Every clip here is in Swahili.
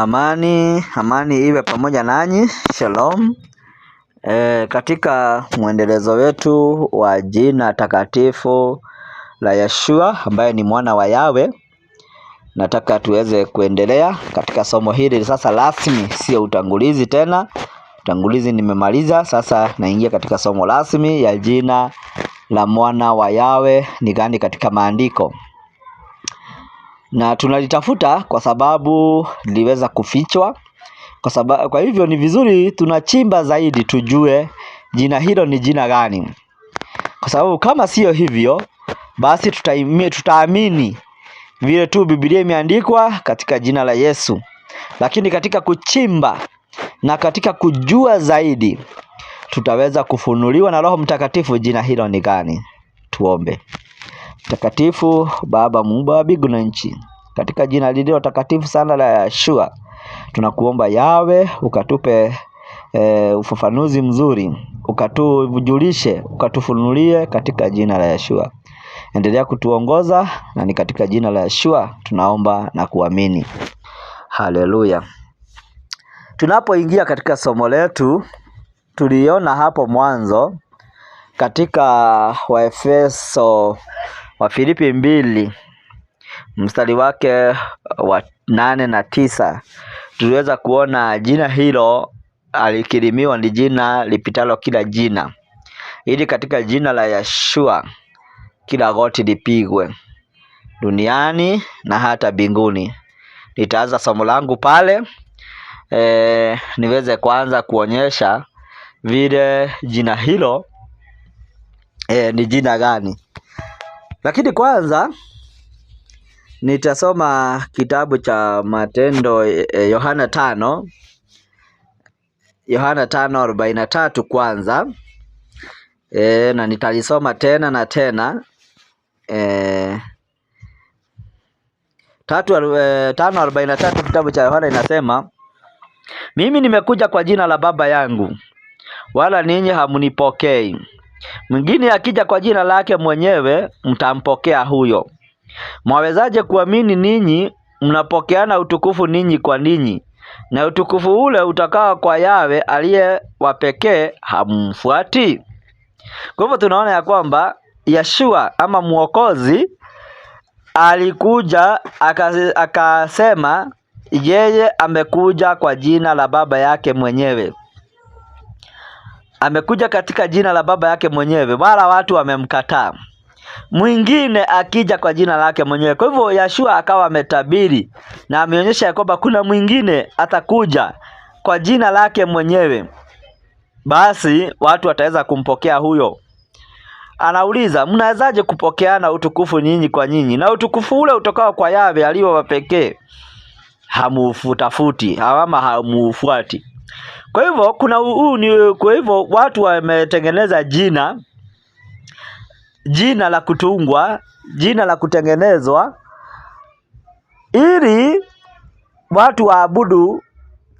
Amani, amani iwe pamoja nanyi, shalom. E, katika mwendelezo wetu wa jina takatifu la Yeshua ambaye ni mwana wa Yawe, nataka tuweze kuendelea katika somo hili sasa rasmi, sio utangulizi tena. Utangulizi nimemaliza, sasa naingia katika somo rasmi ya jina la mwana wa Yawe ni gani katika maandiko na tunalitafuta kwa sababu liweza kufichwa kwa sababu, kwa hivyo ni vizuri tunachimba zaidi tujue jina hilo ni jina gani, kwa sababu kama siyo hivyo basi tutaimie, tutaamini vile tu Biblia imeandikwa katika jina la Yesu. Lakini katika kuchimba na katika kujua zaidi tutaweza kufunuliwa na Roho Mtakatifu jina hilo ni gani. Tuombe. Mtakatifu Baba muumba wa mbingu na nchi, katika jina lililo takatifu sana la Yeshua tunakuomba yawe, ukatupe e, ufafanuzi mzuri, ukatujulishe, ukatufunulie katika jina la Yeshua. Endelea kutuongoza, na ni katika jina la Yeshua tunaomba na kuamini. Haleluya. Tunapoingia katika somo letu, tuliona hapo mwanzo katika Waefeso Wafilipi mbili mstari wake wa nane na tisa tuliweza kuona jina hilo alikirimiwa ni jina lipitalo kila jina, ili katika jina la Yeshua kila goti lipigwe duniani na hata binguni Nitaanza somo langu pale e, niweze kuanza kuonyesha vile jina hilo e, ni jina gani lakini kwanza nitasoma kitabu cha Matendo e, e, Yohana tano Yohana tano arobaini na tatu kwanza e, na nitalisoma tena na tena e, tatu, e, tano arobaini na tatu kitabu cha Yohana inasema mimi nimekuja kwa jina la Baba yangu wala ninyi hamunipokei Mwingine akija kwa jina lake mwenyewe mtampokea huyo. Mwawezaje kuamini ninyi mnapokeana utukufu ninyi kwa ninyi? Na utukufu ule utakao kwa Yawe aliye wa pekee hamfuati? Kwa hivyo tunaona ya kwamba Yeshua ama Mwokozi alikuja akasema yeye amekuja kwa jina la baba yake mwenyewe amekuja katika jina la baba yake mwenyewe, wala watu wamemkataa. Mwingine akija kwa jina lake mwenyewe. Kwa hivyo, Yashua akawa ametabiri na ameonyesha ya kwamba kuna mwingine atakuja kwa jina lake mwenyewe, basi watu wataweza kumpokea huyo. Anauliza, mnawezaje kupokeana utukufu nyinyi kwa nyinyi, na utukufu ule utokao kwa Yahweh aliyowapekee wa pekee hamuufutafuti, hawama hamuufuati kwa hivyo kuna huu ni kwa hivyo watu wametengeneza jina jina la kutungwa, jina la kutengenezwa ili watu waabudu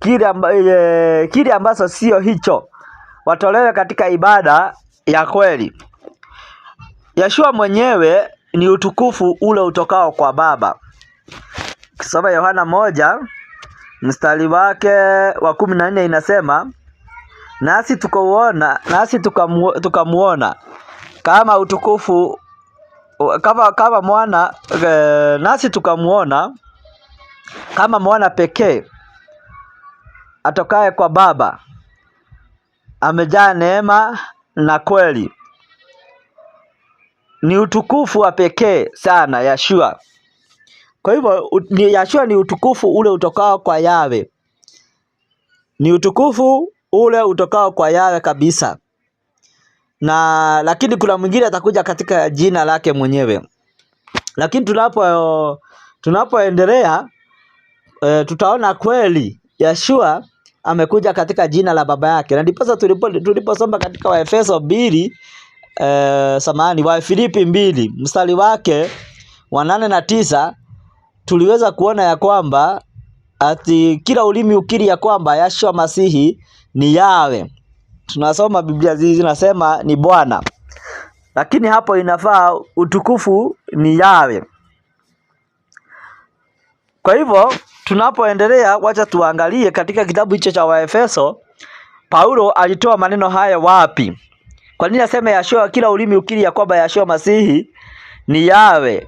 kile amba, e, kile ambacho sio hicho, watolewe katika ibada ya kweli. Yeshua mwenyewe ni utukufu ule utokao kwa Baba. Kisoma Yohana moja mstari wake wa kumi na nne inasema nasi tukauona nasi tukamuona kama utukufu kama, kama mwana e, nasi tukamuona kama mwana pekee atokaye kwa Baba, amejaa neema na kweli. Ni utukufu wa pekee sana Yeshua. Kwa hivyo Yahshua ni utukufu ule utokao kwa Yawe, ni utukufu ule utokao kwa yawe kabisa. Na lakini kuna mwingine atakuja katika jina lake mwenyewe, lakini tunapo tunapoendelea e, tutaona kweli Yahshua amekuja katika jina la baba yake, na ndiposa tulipo tuliposoma katika Waefeso mbili e, eh, samani Wafilipi mbili mstari wake wa nane na tisa tuliweza kuona ya kwamba ati kila ulimi ukiri ya kwamba Yashua Masihi ni Yawe. Tunasoma Biblia zinasema ni Bwana, lakini hapo inafaa utukufu ni Yawe. Kwa hivyo tunapoendelea, wacha tuangalie katika kitabu hicho cha Waefeso, Paulo alitoa maneno haya wapi? Kwa nini aseme Yashua, kila ulimi ukiri ya kwamba Yashua Masihi ni Yawe?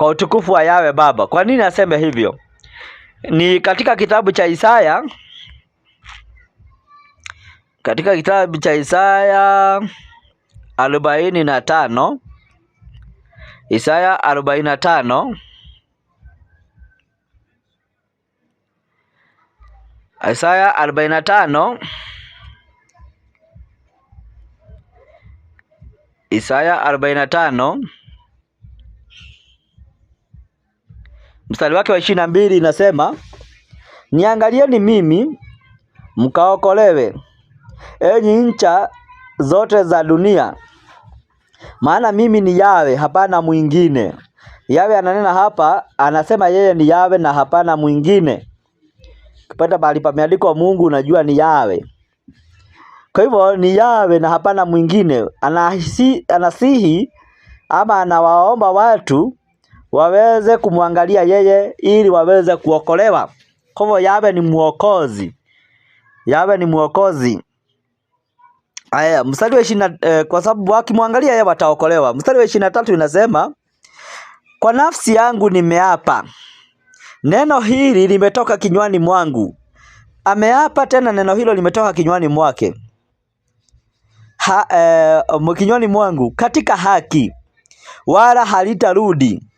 kwa utukufu wa Yawe Baba. Kwa nini aseme hivyo? Ni katika kitabu cha Isaya, katika kitabu cha Isaya arobaini na tano Isaya arobaini na tano Isaya arobaini na tano Isaya arobaini na tano mstari wake wa ishirini na mbili inasema, niangalieni mimi mkaokolewe, enyi ncha zote za dunia, maana mimi ni Yawe, hapana mwingine. Yawe ananena hapa, anasema yeye ni Yawe na hapana mwingine. Ukipata mahali pameandikwa Mungu unajua ni Yawe. Kwa hivyo ni Yawe na hapana mwingine. anasihi ama anawaomba watu waweze kumwangalia yeye ili waweze kuokolewa. Kwa hivyo yawe ni mwokozi, yawe ni mwokozi. Aya, mstari wa ishirini eh, kwa sababu wakimwangalia yeye wataokolewa. Mstari wa ishirini na tatu inasema kwa nafsi yangu nimeapa, neno hili limetoka kinywani mwangu. Ameapa tena neno hilo limetoka kinywani mwake ha, eh, kinywani mwangu katika haki, wala halitarudi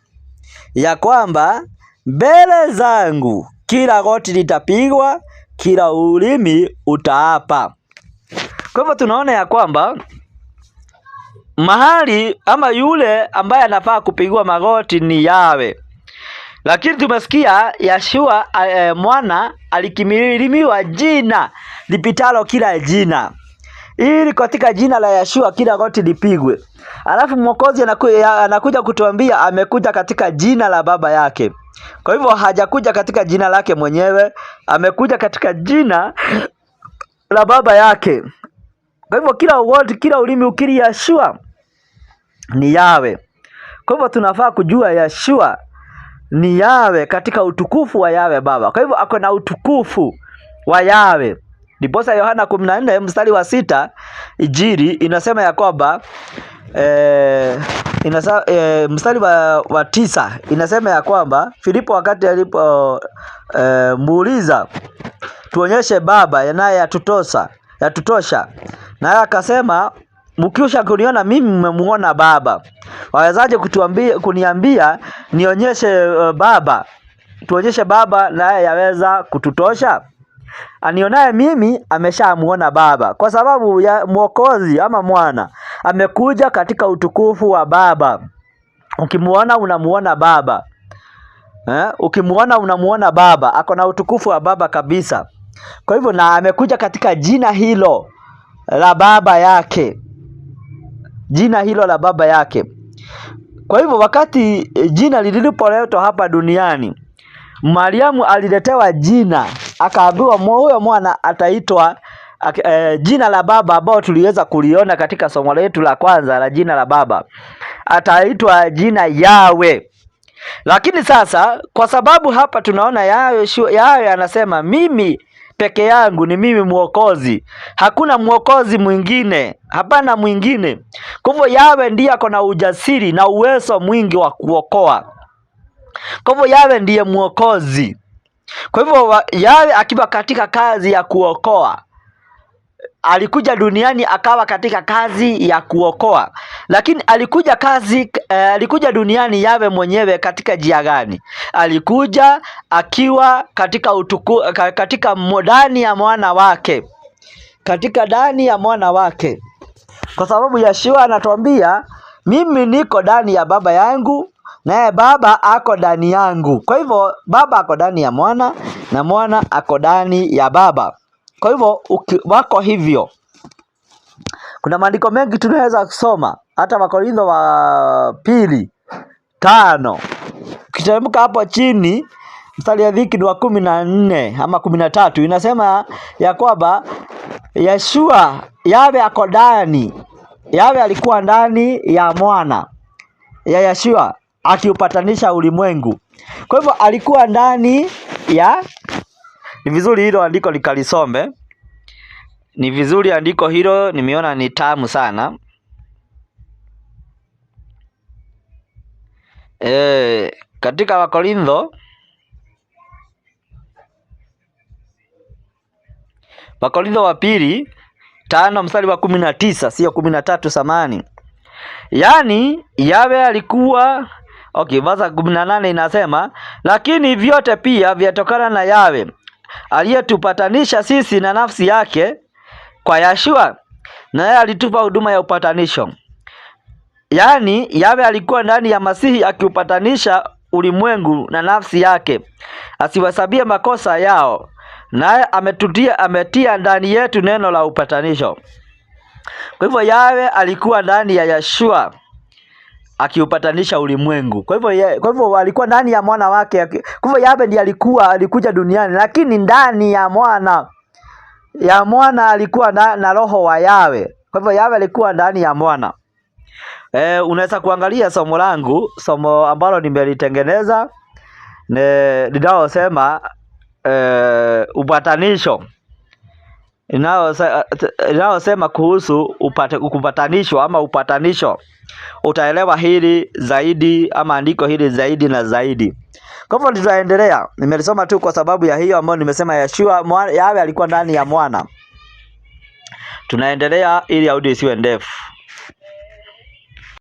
ya kwamba mbele zangu kila goti litapigwa, kila ulimi utaapa. Kwa hivyo tunaona ya kwamba mahali ama yule ambaye anafaa kupigwa magoti ni Yawe, lakini tumesikia Yashua e, eh, mwana alikimilimiwa jina lipitalo kila jina ili katika jina la Yeshua kila goti lipigwe. Alafu mwokozi anaku, anakuja kutuambia amekuja katika jina la baba yake. Kwa hivyo hajakuja katika jina lake mwenyewe, amekuja katika jina la baba yake. Kwa hivyo kila word, kila ulimi ukiri Yeshua ni yawe. Kwa hivyo tunafaa kujua Yeshua ni yawe katika utukufu wa yawe baba. Kwa hivyo ako na utukufu wa yawe. Ndiposa Yohana 14 mstari wa sita Injili inasema ya kwamba e, inasa, e, mstari wa, wa tisa inasema ya kwamba Filipo wakati alipo e, muuliza tuonyeshe Baba yanaye yatutosha yatutosha, naye akasema mkiusha kuniona mimi mmemuona Baba, wawezaje kutuambia kuniambia nionyeshe Baba? Tuonyeshe Baba naye yaweza kututosha anionaye mimi ameshamuona Baba, kwa sababu ya Mwokozi ama mwana amekuja katika utukufu wa Baba. Ukimuona unamuona Baba eh? Ukimuona unamuona Baba, ako na utukufu wa Baba kabisa. Kwa hivyo na amekuja katika jina hilo la baba yake, jina hilo la baba yake. Kwa hivyo wakati eh, jina lililipoletwa hapa duniani, Mariamu aliletewa jina akaambiwa huyo mwana ataitwa e, jina la baba ambao tuliweza kuliona katika somo letu la kwanza la jina la baba, ataitwa jina Yawe. Lakini sasa kwa sababu hapa tunaona Yawe, Yawe anasema mimi peke yangu ni mimi mwokozi, hakuna mwokozi mwingine, hapana mwingine. Kwa hivyo Yawe ndiye ako na ujasiri na uwezo mwingi wa kuokoa. Kwa hivyo Yawe ndiye mwokozi. Kwa hivyo Yahweh akiwa katika kazi ya kuokoa, alikuja duniani akawa katika kazi ya kuokoa, lakini alikuja kazi eh, alikuja duniani yawe mwenyewe katika jia gani? Alikuja akiwa katika utuku, katika ndani ya mwana wake, katika ndani ya mwana wake, kwa sababu Yeshua anatuambia mimi niko ndani ya Baba yangu naye Baba ako ndani yangu. Kwa hivyo Baba ako ndani ya Mwana na Mwana ako ndani ya Baba. Kwa hivyo wako hivyo. Kuna maandiko mengi tunaweza kusoma, hata Wakorintho wa pili tano ukiteremka hapo chini mstari ya dhiki ni wa kumi na nne ama kumi na tatu inasema ya kwamba Yeshua yawe ako ndani, yawe alikuwa ndani ya mwana ya Yeshua akiupatanisha ulimwengu. Kwa hivyo alikuwa ndani ya, ni vizuri hilo andiko likalisome, ni vizuri andiko hilo, nimeona ni tamu sana e, katika Wakorintho Wakorintho wa pili tano mstari wa kumi na tisa sio kumi na tatu samani. Yaani Yawe alikuwa Okay, vasa kumi na nane inasema lakini vyote pia vyatokana na Yawe aliyetupatanisha sisi na nafsi yake kwa Yashua, na yeye alitupa huduma ya upatanisho. Yaani Yawe alikuwa ndani ya Masihi akiupatanisha ulimwengu na nafsi yake, asiwasabie makosa yao, naye ametutia ametia ndani yetu neno la upatanisho. Kwa hivyo Yawe alikuwa ndani ya Yashua akiupatanisha ulimwengu. Kwa hivyo kwa hivyo alikuwa ndani ya mwana wake. Kwa hivyo Yabe ndiye alikuwa alikuja duniani, lakini ndani ya mwana ya mwana alikuwa na, na roho wa Yawe. Kwa hivyo Yawe alikuwa ndani ya mwana. Eh, unaweza kuangalia somo langu, somo ambalo nimelitengeneza ne linalosema eh, upatanisho inayosema kuhusu upate, kupatanishwa ama upatanisho. Utaelewa hili zaidi ama andiko hili zaidi na zaidi. Kwa hivyo tutaendelea, nimelisoma tu kwa sababu ya hiyo ambayo nimesema Yeshua Yawe alikuwa ndani ya mwana. Tunaendelea ili audio isiwe ndefu.